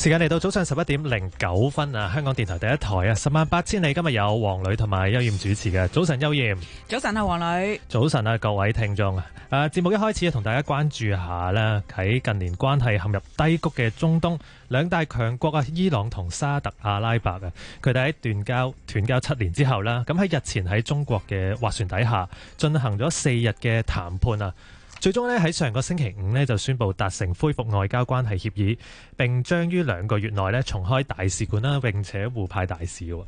時間嚟到早上十一點零九分啊！香港電台第一台啊，十萬八千里今日有黃磊同埋邱艷主持嘅早晨，邱艷，早晨啊，黃磊，早晨啊，各位聽眾啊！誒，節目一開始啊，同大家關注一下啦。喺近年關係陷入低谷嘅中東兩大強國啊，伊朗同沙特阿拉伯啊，佢哋喺斷交斷交七年之後啦，咁喺日前喺中國嘅斡旋底下進行咗四日嘅談判啊！最終呢，喺上個星期五呢，就宣布達成恢復外交關係協議，並將於兩個月內呢重開大使館啦，並且互派大使喎。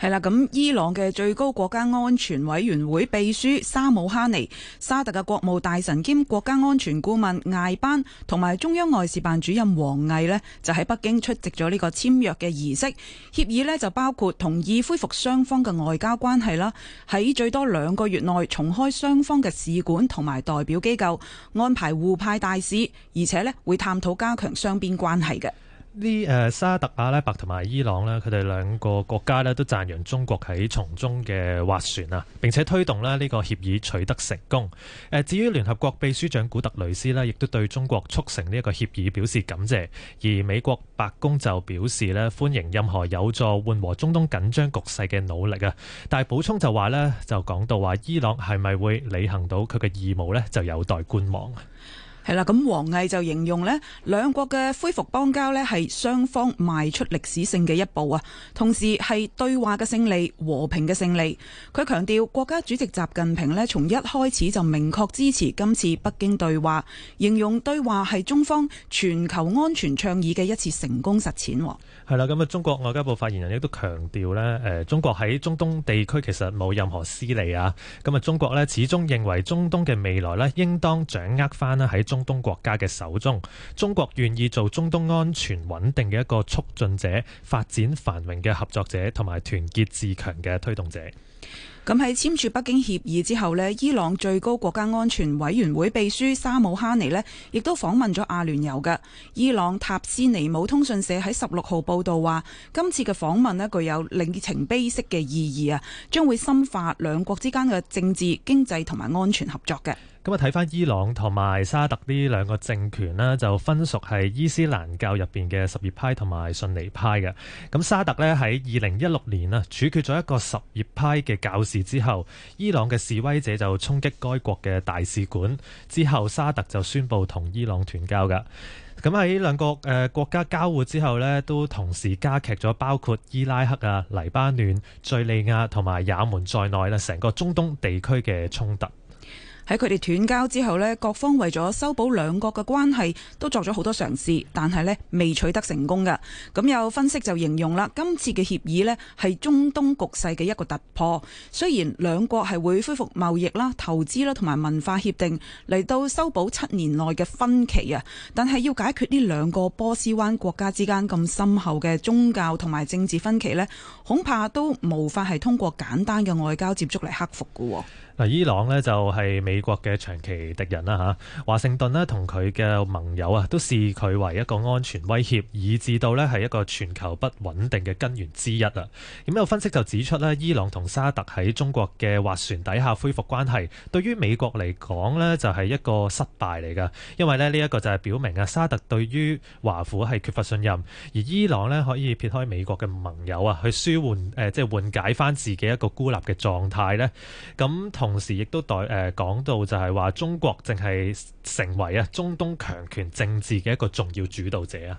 係啦，咁伊朗嘅最高國家安全委員會秘書沙姆哈尼、沙特嘅國務大臣兼國家安全顧問艾班，同埋中央外事辦主任王毅呢，就喺北京出席咗呢個簽約嘅儀式。協議呢，就包括同意恢復雙方嘅外交關係啦，喺最多兩個月內重開雙方嘅使館同埋代表機構。安排互派大使，而且咧會探討加強雙邊關係嘅。呢誒沙特阿拉伯同埋伊朗咧，佢哋兩個國家咧都讚揚中國喺從中嘅斡旋，啊，並且推動咧呢個協議取得成功。誒至於聯合國秘書長古特雷斯咧，亦都對中國促成呢一個協議表示感謝。而美國白宮就表示咧歡迎任何有助緩和中東緊張局勢嘅努力啊。但係補充就話咧，就講到話伊朗係咪會履行到佢嘅義務咧，就有待觀望。係啦，咁王毅就形容呢兩國嘅恢復邦交呢係雙方邁出歷史性嘅一步啊，同時係對話嘅勝利、和平嘅勝利。佢強調，國家主席習近平呢從一開始就明確支持今次北京對話，形容對話係中方全球安全倡議嘅一次成功實踐。係啦，咁啊，中國外交部發言人亦都強調咧，誒，中國喺中東地區其實冇任何私利啊。咁啊，中國咧始終認為中東嘅未來咧，應當掌握翻咧喺中東國家嘅手中。中國願意做中東安全穩定嘅一個促進者、發展繁榮嘅合作者同埋團結自強嘅推動者。咁喺簽署北京協議之後呢，伊朗最高國家安全委員會秘書沙姆哈尼呢，亦都訪問咗阿聯酋嘅。伊朗塔斯尼姆通訊社喺十六號報道話，今次嘅訪問呢，具有里程碑式嘅意義啊，將會深化兩國之間嘅政治、經濟同埋安全合作嘅。咁啊，睇翻伊朗同埋沙特呢兩個政權咧，就分屬係伊斯蘭教入邊嘅什葉派同埋遜尼派嘅。咁沙特咧喺二零一六年啊，處決咗一個什葉派嘅教士之後，伊朗嘅示威者就衝擊該國嘅大使館，之後沙特就宣布同伊朗斷交噶。咁喺兩個誒國家交互之後咧，都同時加劇咗包括伊拉克啊、黎巴嫩、敘利亞同埋也門在內啦，成個中東地區嘅衝突。喺佢哋斷交之後呢，各方為咗修補兩國嘅關係，都作咗好多嘗試，但係呢未取得成功嘅。咁有分析就形容啦，今次嘅協議呢係中東局勢嘅一個突破。雖然兩國係會恢復貿易啦、投資啦同埋文化協定嚟到修補七年內嘅分歧啊，但係要解決呢兩個波斯灣國家之間咁深厚嘅宗教同埋政治分歧呢，恐怕都無法係通過簡單嘅外交接觸嚟克服嘅喎。嗱，伊朗呢就係美國嘅長期敵人啦嚇。華盛頓呢同佢嘅盟友啊，都視佢為一個安全威脅，以至到呢係一個全球不穩定嘅根源之一啊。咁有分析就指出呢，伊朗同沙特喺中國嘅斡旋底下恢復關係，對於美國嚟講呢，就係一個失敗嚟㗎，因為呢，呢一個就係表明啊，沙特對於華府係缺乏信任，而伊朗呢可以撇開美國嘅盟友啊，去舒緩即係緩解返自己一個孤立嘅狀態呢。咁同同時亦都代誒講到就係話中國淨係成為啊中東強權政治嘅一個重要主導者啊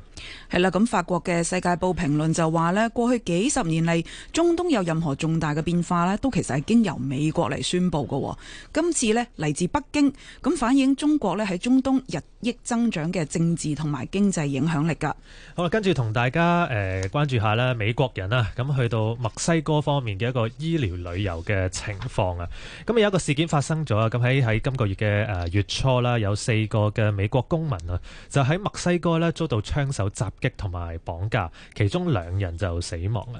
係啦咁法國嘅世界報評論就話呢過去幾十年嚟中東有任何重大嘅變化呢都其實已經由美國嚟宣布噶今次呢嚟自北京咁反映中國呢喺中東日益增長嘅政治同埋經濟影響力噶好啦跟住同大家誒關注下呢美國人啊咁去到墨西哥方面嘅一個醫療旅遊嘅情況啊咁。有一個事件發生咗啊！咁喺喺今個月嘅誒月初啦，有四個嘅美國公民啊，就喺墨西哥呢遭到槍手襲擊同埋綁架，其中兩人就死亡啦。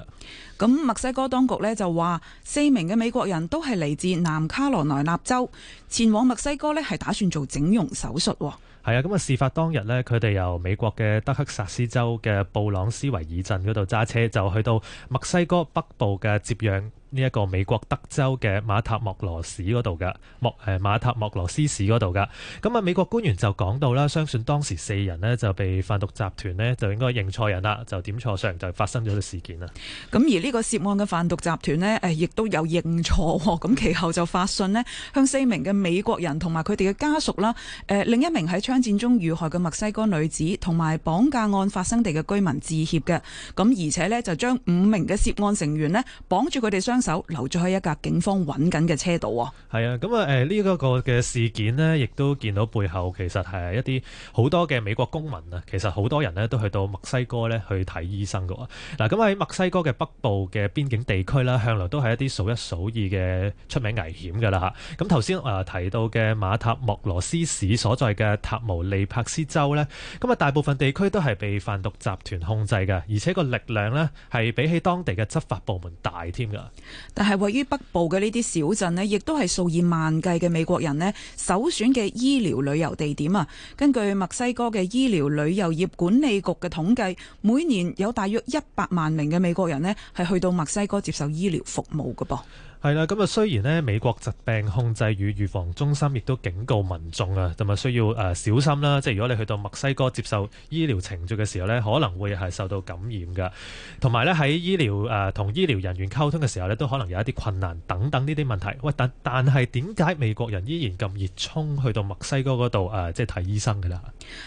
咁墨西哥當局呢，就話，四名嘅美國人都係嚟自南卡羅來納州，前往墨西哥呢係打算做整容手術，哦。係啊，咁啊，事發當日呢，佢哋由美國嘅德克薩斯州嘅布朗斯維爾鎮嗰度揸車就去到墨西哥北部嘅接壤。呢一個美國德州嘅馬塔莫羅市嗰度嘅莫誒馬塔莫羅斯市嗰度嘅，咁啊美國官員就講到啦，相信當時四人呢就被販毒集團呢，就應該認錯人啦，就點錯相就發生咗個事件啦。咁而呢個涉案嘅販毒集團呢，誒亦都有認錯，咁其後就發信呢，向四名嘅美國人同埋佢哋嘅家屬啦，誒另一名喺槍戰中遇害嘅墨西哥女子同埋綁架案發生地嘅居民致歉嘅，咁而且呢，就將五名嘅涉案成員呢綁住佢哋雙手留咗喺一架警方揾緊嘅車度。係啊，咁啊，誒，呢一個嘅事件呢，亦都見到背後其實係一啲好多嘅美國公民啊。其實好多人呢，都去到墨西哥呢去睇醫生噶。嗱，咁喺墨西哥嘅北部嘅邊境地區咧，向來都係一啲數一數二嘅出名危險噶啦吓。咁頭先啊提到嘅馬塔莫羅斯市所在嘅塔姆利帕斯州呢，咁啊大部分地區都係被販毒集團控制噶，而且個力量呢，係比起當地嘅執法部門大添噶。但係位於北部嘅呢啲小鎮呢，亦都係數以萬計嘅美國人呢，首選嘅醫療旅遊地點啊！根據墨西哥嘅醫療旅遊業管理局嘅統計，每年有大約一百萬名嘅美國人呢，係去到墨西哥接受醫療服務㗎噃。係啦，咁啊，雖然呢，美國疾病控制與預防中心亦都警告民眾啊，同埋需要誒小心啦。即係如果你去到墨西哥接受醫療程序嘅時候呢，可能會係受到感染噶。同埋呢，喺醫療誒同、呃、醫療人員溝通嘅時候呢，都可能有一啲困難等等呢啲問題。喂，但但係點解美國人依然咁熱衷去到墨西哥嗰度誒，即係睇醫生噶啦？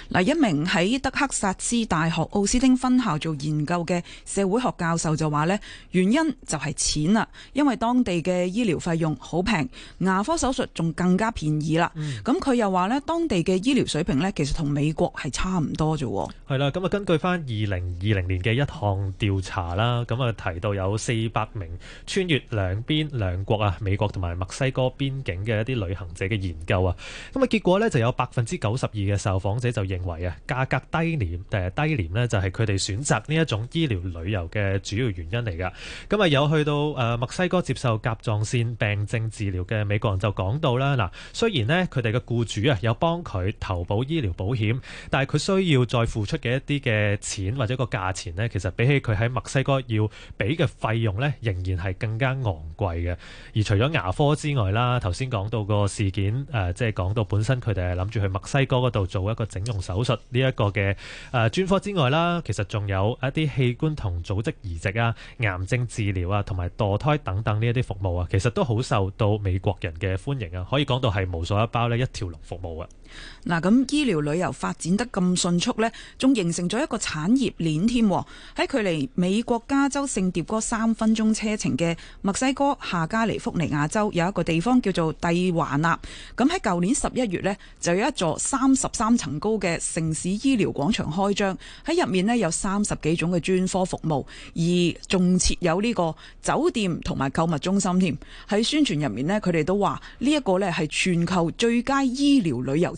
嗱，一名喺德克薩斯大學奧斯丁分校做研究嘅社會學教授就話呢，原因就係錢啦，因為當地嘅醫療費用好平，牙科手術仲更加便宜啦。咁佢、嗯、又話呢，當地嘅醫療水平呢，其實同美國係差唔多啫。係啦，咁啊，根據翻二零二零年嘅一項調查啦，咁啊提到有四百名穿越兩邊兩國啊，美國同埋墨西哥邊境嘅一啲旅行者嘅研究啊，咁啊結果呢，就有百分之九十二嘅受訪者就認為啊，價格低廉，誒低廉呢，就係佢哋選擇呢一種醫療旅遊嘅主要原因嚟噶。咁啊有去到誒墨西哥接受甲狀腺病症治療嘅美國人就講到啦，嗱，雖然呢佢哋嘅僱主啊有幫佢投保醫療保險，但係佢需要再付出嘅一啲嘅錢或者個價錢呢，其實比起佢喺墨西哥要俾嘅費用呢，仍然係更加昂貴嘅。而除咗牙科之外啦，頭先講到個事件誒，即係講到本身佢哋係諗住去墨西哥嗰度做一個整容手術呢一個嘅誒專科之外啦，其實仲有一啲器官同組織移植啊、癌症治療啊、同埋墮胎等等呢一啲服。啊，其實都好受到美國人嘅歡迎啊，可以講到係無所不包一條龍服務啊。嗱，咁醫療旅遊發展得咁迅速呢，仲形成咗一個產業鏈添。喺距離美國加州聖迭戈三分鐘車程嘅墨西哥下加利尼福尼亞州，有一個地方叫做蒂華納。咁喺舊年十一月呢，就有一座三十三層高嘅城市醫療廣場開張，喺入面呢，有三十幾種嘅專科服務，而仲設有呢個酒店同埋購物中心添。喺宣傳入面呢，佢哋都話呢一個呢係全球最佳醫療旅遊。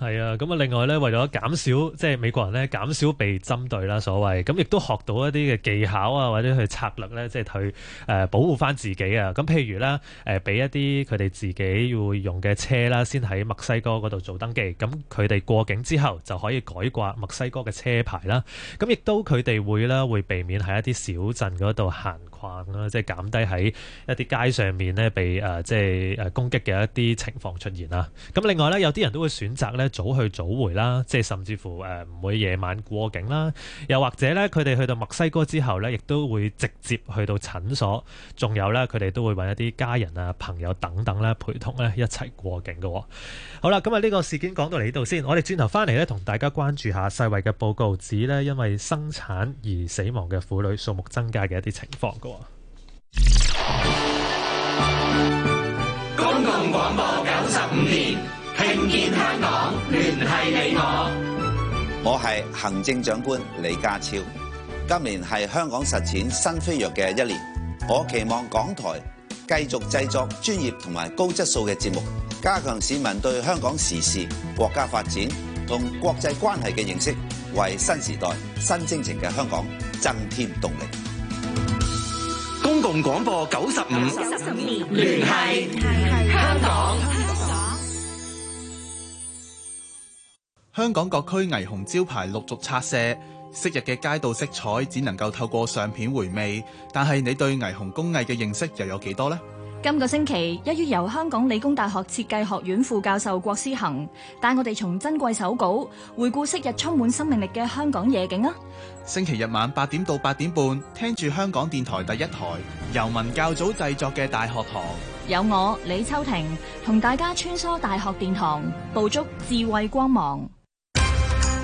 係啊，咁啊，另外咧，為咗減少即係美國人咧減少被針對啦，所謂咁亦都學到一啲嘅技巧啊，或者去策略咧，即係去、呃、保護翻自己啊。咁譬如咧，誒、呃、俾一啲佢哋自己要用嘅車啦，先喺墨西哥嗰度做登記。咁佢哋過境之後就可以改掛墨西哥嘅車牌啦。咁亦都佢哋會啦，會避免喺一啲小鎮嗰度行逛啦，即係減低喺一啲街上面咧被、呃、即係攻擊嘅一啲情況出現啦。咁另外咧，有啲人都會選擇咧，早去早回啦，即係甚至乎誒唔會夜晚過境啦，又或者咧，佢哋去到墨西哥之後咧，亦都會直接去到診所，仲有咧，佢哋都會揾一啲家人啊、朋友等等咧陪同咧一齊過境嘅。好啦，咁啊呢個事件講到嚟呢度先，我哋轉頭翻嚟咧同大家關注下世衛嘅報告指咧因爲生產而死亡嘅婦女數目增加嘅一啲情況嘅。公共廣播九十五年聽見。我係行政長官李家超，今年係香港實踐新飛躍嘅一年，我期望港台繼續製作專業同埋高質素嘅節目，加強市民對香港時事、國家發展同國際關係嘅認識，為新時代新征程嘅香港增添動力。公共廣播九十五年聯繫的香港。香港香港各區霓虹招牌陸續拆卸，昔日嘅街道色彩只能夠透過相片回味。但係你對霓虹工藝嘅認識又有幾多呢？今個星期一於由香港理工大學設計學院副教授郭思恆帶我哋從珍貴手稿回顧昔日充滿生命力嘅香港夜景啊！星期日晚八點到八點半，聽住香港電台第一台由文教組製作嘅《大學堂》，有我李秋婷同大家穿梭大學殿堂，捕捉智慧光芒。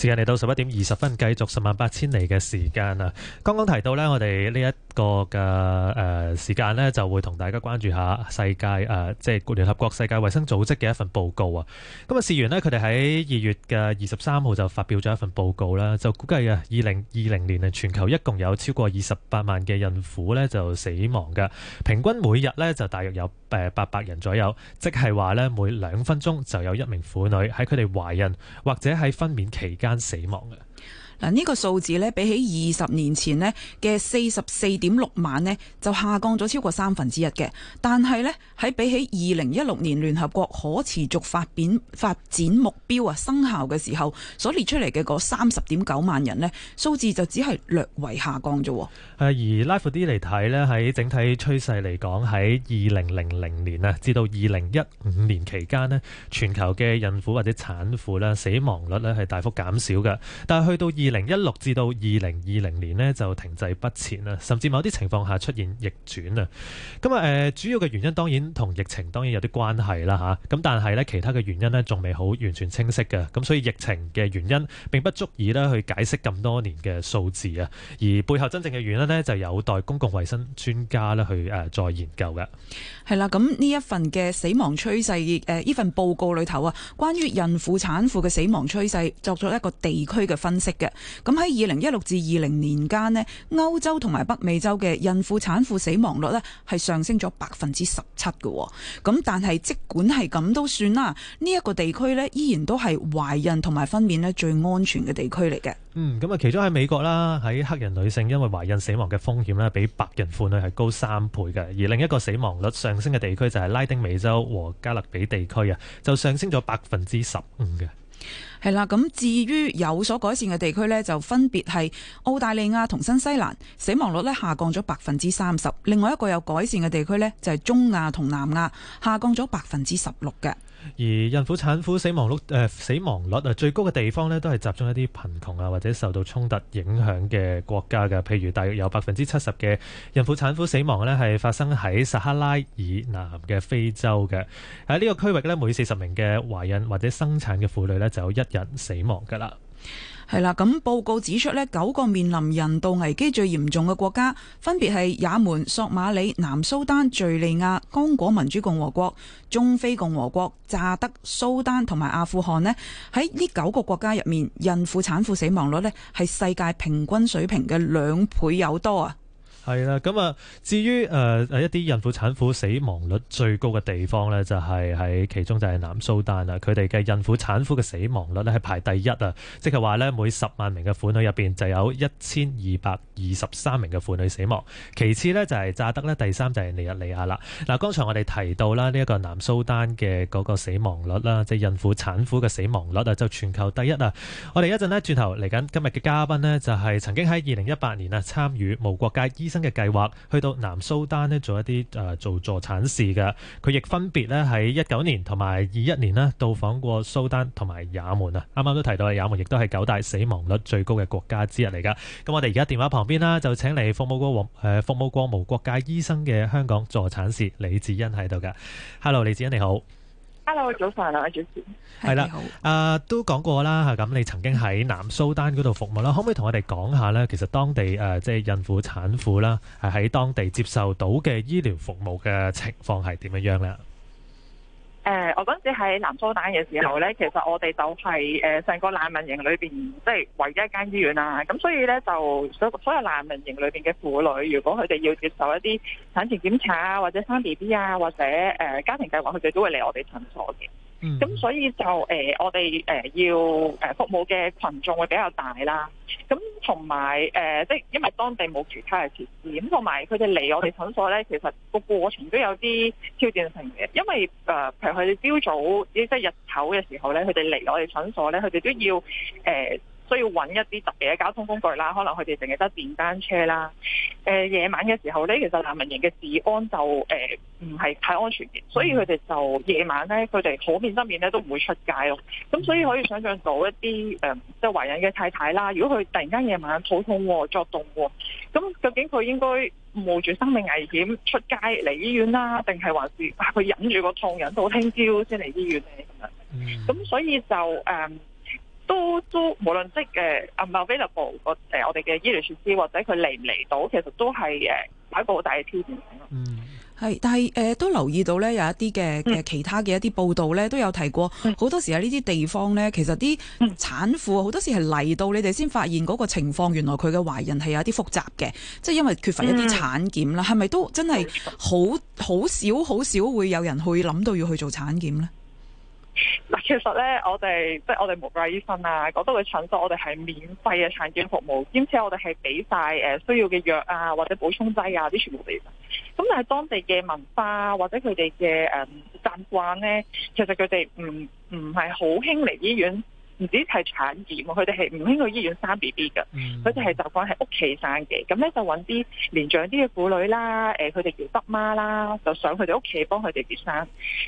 時間嚟到十一點二十分，繼續十萬八千里嘅時間啊。剛剛提到咧，我哋呢一個嘅誒時間咧，就會同大家關注下世界誒，即係聯合國世界衛生組織嘅一份報告啊！咁啊，事緣咧，佢哋喺二月嘅二十三號就發表咗一份報告啦，就估計啊，二零二零年啊，全球一共有超過二十八萬嘅孕婦咧就死亡㗎，平均每日咧就大約有誒八百人左右，即係話咧，每兩分鐘就有一名婦女喺佢哋懷孕或者喺分娩期間死亡嘅。嗱，呢個數字咧，比起二十年前咧嘅四十四點六萬咧，就下降咗超過三分之一嘅。但係咧喺比起二零一六年聯合國可持續發展發展目標啊生效嘅時候，所列出嚟嘅嗰三十點九萬人咧，數字就只係略為下降咗喎。而拉闊啲嚟睇咧，喺整體趨勢嚟講，喺二零零零年啊至到二零一五年期間咧，全球嘅孕婦或者產婦咧死亡率咧係大幅減少嘅。但係去到二二零一六至到二零二零年呢，就停滯不前啦，甚至某啲情況下出現逆轉啊！咁、呃、啊，誒主要嘅原因當然同疫情當然有啲關係啦，吓，咁但係呢，其他嘅原因呢，仲未好完全清晰嘅，咁所以疫情嘅原因並不足以咧去解釋咁多年嘅數字啊，而背後真正嘅原因呢，就有待公共衛生專家呢去誒、呃、再研究嘅。係啦，咁呢一份嘅死亡趨勢誒，呢、呃、份報告裏頭啊，關於孕婦產婦嘅死亡趨勢，作咗一個地區嘅分析嘅。咁喺二零一六至二零年間，呢歐洲同埋北美洲嘅孕婦產婦死亡率呢係上升咗百分之十七嘅。咁但係，即管係咁都算啦，呢一個地區呢，依然都係懷孕同埋分娩呢最安全嘅地區嚟嘅。嗯，咁啊，其中喺美國啦，喺黑人女性因為懷孕死亡嘅風險呢，比白人婦女係高三倍嘅。而另一個死亡率上升嘅地區就係拉丁美洲和加勒比地區啊，就上升咗百分之十五嘅。的係啦，咁至於有所改善嘅地區呢，就分別係澳大利亞同新西蘭，死亡率呢下降咗百分之三十。另外一個有改善嘅地區呢，就係中亞同南亞，下降咗百分之十六嘅。而孕婦產婦死亡率、呃、死亡率啊，最高嘅地方呢，都係集中一啲貧窮啊或者受到衝突影響嘅國家嘅，譬如大約有百分之七十嘅孕婦產婦死亡呢，係發生喺撒哈拉以南嘅非洲嘅。喺呢個區域呢，每四十名嘅懷孕或者生產嘅婦女呢，就有一人死亡噶啦，係啦。咁報告指出，呢九個面臨人道危機最嚴重嘅國家，分別係也門、索馬里、南蘇丹、敘利亞、剛果民主共和國、中非共和國、乍得、蘇丹同埋阿富汗。呢喺呢九個國家入面，孕婦產婦死亡率呢係世界平均水平嘅兩倍有多啊。係啦，咁啊，至於誒誒一啲孕婦產婦死亡率最高嘅地方呢，就係喺其中就係南蘇丹啦。佢哋嘅孕婦產婦嘅死亡率呢係排第一啊，即係話呢，每十萬名嘅婦女入邊就有一千二百二十三名嘅婦女死亡。其次呢，就係乍得呢。第三就係尼日利亞啦。嗱，剛才我哋提到啦，呢一個南蘇丹嘅嗰個死亡率啦，即係孕婦產婦嘅死亡率啊，就全球第一啊。我哋一陣呢，轉頭嚟緊今日嘅嘉賓呢，就係曾經喺二零一八年啊參與無國界醫生。嘅計劃去到南蘇丹咧做一啲誒、呃、做助產士嘅。佢亦分別咧喺一九年同埋二一年咧到訪過蘇丹同埋也門啊，啱啱都提到啊，也門亦都係九大死亡率最高嘅國家之一嚟噶。咁我哋而家電話旁邊啦，就請嚟服務過王誒、呃、服務過無國界醫生嘅香港助產士李芷殷喺度噶。Hello，李芷殷你好。hello，早晨啊，芷殷係啦，啊都講過啦，吓，咁你曾經喺南蘇丹嗰度服務啦，可唔可以同我哋講下咧？其實當地誒，即係孕婦產婦啦，係喺當地接受到嘅醫療服務嘅情況係點樣樣咧？誒、呃，我嗰陣時喺南蘇丹嘅時候咧，其實我哋就係誒成個難民營裏邊，即係唯一一間醫院啦，啊。咁所以咧，就所所有難民營裏邊嘅婦女，如果佢哋要接受一啲產前檢查啊，或者生 B B 啊，或者誒、呃、家庭計劃，佢哋都會嚟我哋診所嘅。咁、嗯、所以就誒、呃，我哋誒、呃、要誒服務嘅群眾會比較大啦。咁同埋誒，即係因為當地冇其他嘅設施，咁同埋佢哋嚟我哋診所咧，其實個過程都有啲挑戰性嘅。因為誒，譬、呃、如佢哋朝早，即係日頭嘅時候咧，佢哋嚟我哋診所咧，佢哋都要誒。呃需要揾一啲特別嘅交通工具啦，可能佢哋淨係得電單車啦。誒、呃，夜晚嘅時候咧，其實難民營嘅治安就誒唔係太安全嘅，所以佢哋就夜晚咧，佢哋可免則免咧都唔會出街咯。咁所以可以想象到一啲誒即係懷孕嘅太太啦，如果佢突然間夜晚肚痛喎，作動喎，咁究竟佢應該冒住生命危險出街嚟醫院啦，定係還是佢忍住個痛忍到聽朝先嚟醫院咧咁樣？咁所以就誒。呃都都無論即係誒、uh, available 個誒、uh, 我哋嘅醫療設施或者佢嚟唔嚟到，其實都係誒係一個好大嘅挑戰咯。嗯，係，但係、呃、都留意到咧，有一啲嘅其他嘅一啲報道咧，都有提過好、嗯、多時喺呢啲地方咧，其實啲產婦好多時係嚟到你哋先發現嗰個情況，原來佢嘅懷孕係有啲複雜嘅，即、就、係、是、因為缺乏一啲產檢啦。係咪、嗯、都真係好好、嗯、少好少會有人去諗到要去做產檢咧？嗱，其實咧，我哋即係我哋無國界醫生啊，嗰度嘅診所，我哋係免費嘅產檢服務，兼且我哋係俾晒誒需要嘅藥啊，或者補充劑啊，啲全部俾。咁但係當地嘅文化或者佢哋嘅誒習慣咧，其實佢哋唔唔係好興嚟醫院。唔止係產業，佢哋係唔興去醫院生 B B 嘅，佢哋係習慣喺屋企生嘅。咁咧就搵啲年長啲嘅婦女啦，佢哋叫執媽啦，就上佢哋屋企幫佢哋接生。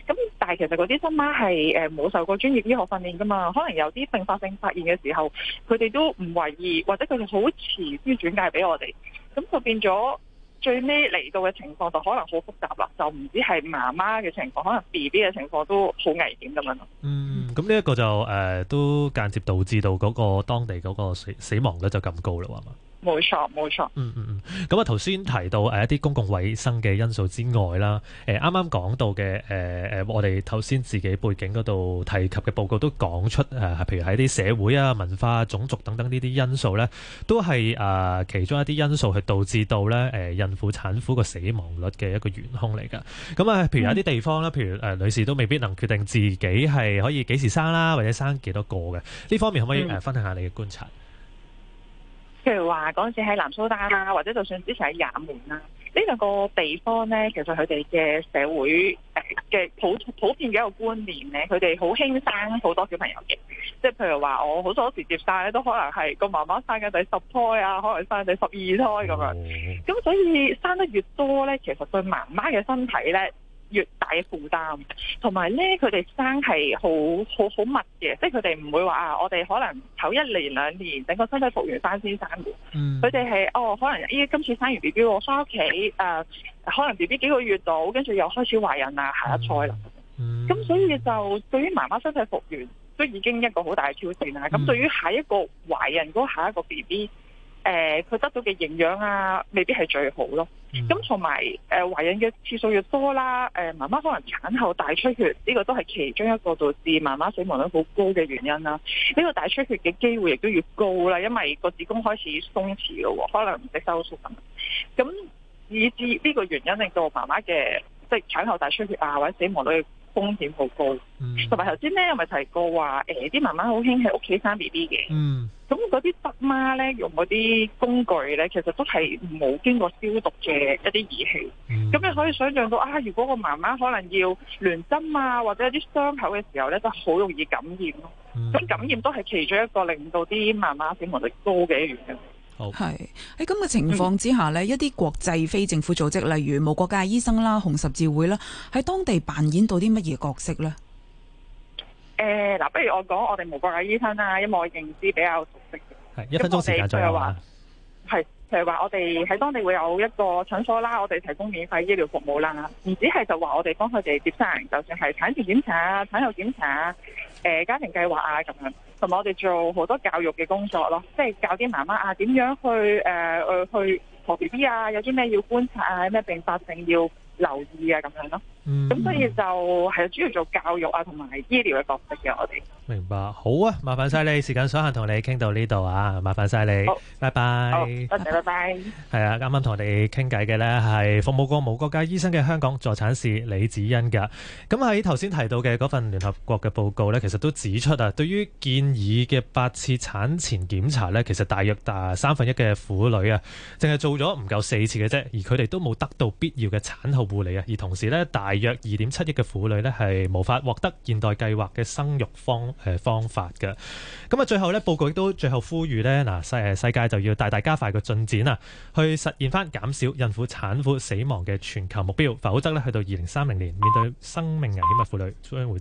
咁但係其實嗰啲執媽係冇受過專業醫學訓練㗎嘛，可能有啲併發症發現嘅時候，佢哋都唔懷疑，或者佢哋好遲先轉介俾我哋，咁就變咗。最尾嚟到嘅情況就可能好複雜啦，就唔止係媽媽嘅情況，可能 BB 嘅情況都好危險咁樣咯。嗯，咁呢一個就誒、呃、都間接導致到嗰個當地嗰個死死亡率就咁高啦係嘛？冇錯，冇錯。嗯嗯嗯，咁啊頭先提到誒一啲公共衛生嘅因素之外啦，啱啱講到嘅誒、呃、我哋頭先自己背景嗰度提及嘅報告都講出誒、呃，譬如喺啲社會啊、文化、啊、種族等等呢啲因素咧，都係誒、呃、其中一啲因素去導致到咧誒、呃、孕婦產婦個死亡率嘅一個元兇嚟㗎。咁、呃、啊，譬如有啲地方咧，譬如、呃、女士都未必能決定自己係可以幾時生啦、啊，或者生幾多個嘅。呢方面可唔可以誒分享下你嘅觀察？嗯譬如話嗰陣時喺南蘇丹啦，或者就算之前喺也門啦，呢兩個地方咧，其實佢哋嘅社會誒嘅普普遍嘅一個觀念咧，佢哋好輕生好多小朋友嘅，即係譬如話我好多時接生咧，都可能係個媽媽生緊第十胎啊，可能生緊第十二胎咁樣，咁所以生得越多咧，其實對媽媽嘅身體咧，越大嘅負擔，同埋咧佢哋生係好好好密嘅，即係佢哋唔會話啊，我哋可能頭一年兩年，整個身體復原翻先生嘅。嗯，佢哋係哦，可能依、欸、今次生完 B B，我翻屋企誒，可能 B B 幾個月到，跟住又開始懷孕啊，下一胎啦、嗯。嗯，咁所以就對於媽媽身體復原都已經一個好大嘅挑戰啦。咁、嗯、對於下一個懷孕嗰下一個 B B，誒佢得到嘅營養啊，未必係最好咯。咁同埋，誒、mm hmm. 懷孕嘅次數越多啦，誒媽媽可能產後大出血，呢個都係其中一個導致媽媽死亡率好高嘅原因啦。呢個大出血嘅機會亦都越高啦，因為個子宮開始鬆弛嘅喎，可能唔識收縮咁，咁以至呢個原因令到媽媽嘅即係產後大出血啊，或者死亡率嘅風險好高。同埋頭先呢，hmm. 有咪提過話，啲、哎、媽媽好興喺屋企生 B B 嘅，嗯、mm。Hmm. 咁嗰啲執媽咧，用嗰啲工具咧，其實都係冇經過消毒嘅一啲儀器。咁、嗯、你可以想象到啊，如果個媽媽可能要縫針啊，或者一啲傷口嘅時候咧，都好容易感染咯。咁、嗯、感染都係其中一個令到啲媽媽死亡率高嘅一個原因。係喺咁嘅情況之下呢，嗯、一啲國際非政府組織，例如無國界醫生啦、紅十字會啦，喺當地扮演到啲乜嘢角色呢？嗱，不如我講我哋無國雅醫生啦，因為我認知比較熟悉嘅。係，一分鐘時間再講。係，譬如話我哋喺當地會有一個診所啦，我哋提供免費醫療服務啦，唔只係就話我哋幫佢哋接生，就算係產前檢查啊、產後檢查啊、誒、呃、家庭計劃啊咁樣，同埋我哋做好多教育嘅工作咯，即係教啲媽媽啊點樣去誒誒、呃呃、去婆、B B 啊，有啲咩要觀察啊，咩併發性要留意啊咁樣咯。咁、嗯、所以就係主要做教育啊同埋醫療嘅角色嘅。我哋明白好啊，麻煩晒你時間所限，同你傾到呢度啊麻煩晒你，好拜拜，多謝，謝，拜拜。係啊，啱啱同我哋傾偈嘅咧，係服務過無國家醫生嘅香港助產士李芷殷噶。咁喺頭先提到嘅嗰份聯合國嘅報告咧，其實都指出啊，對於建議嘅八次產前檢查咧，其實大約大三分一嘅婦女啊，淨係做咗唔夠四次嘅啫，而佢哋都冇得到必要嘅產後護理啊，而同時咧大大約二點七億嘅婦女呢，係無法獲得現代計劃嘅生育方誒方法嘅。咁啊，最後呢報告亦都最後呼籲呢嗱世誒世界就要大大加快個進展啊，去實現翻減少孕婦產婦死亡嘅全球目標，否則呢去到二零三零年，面對生命危險嘅婦女。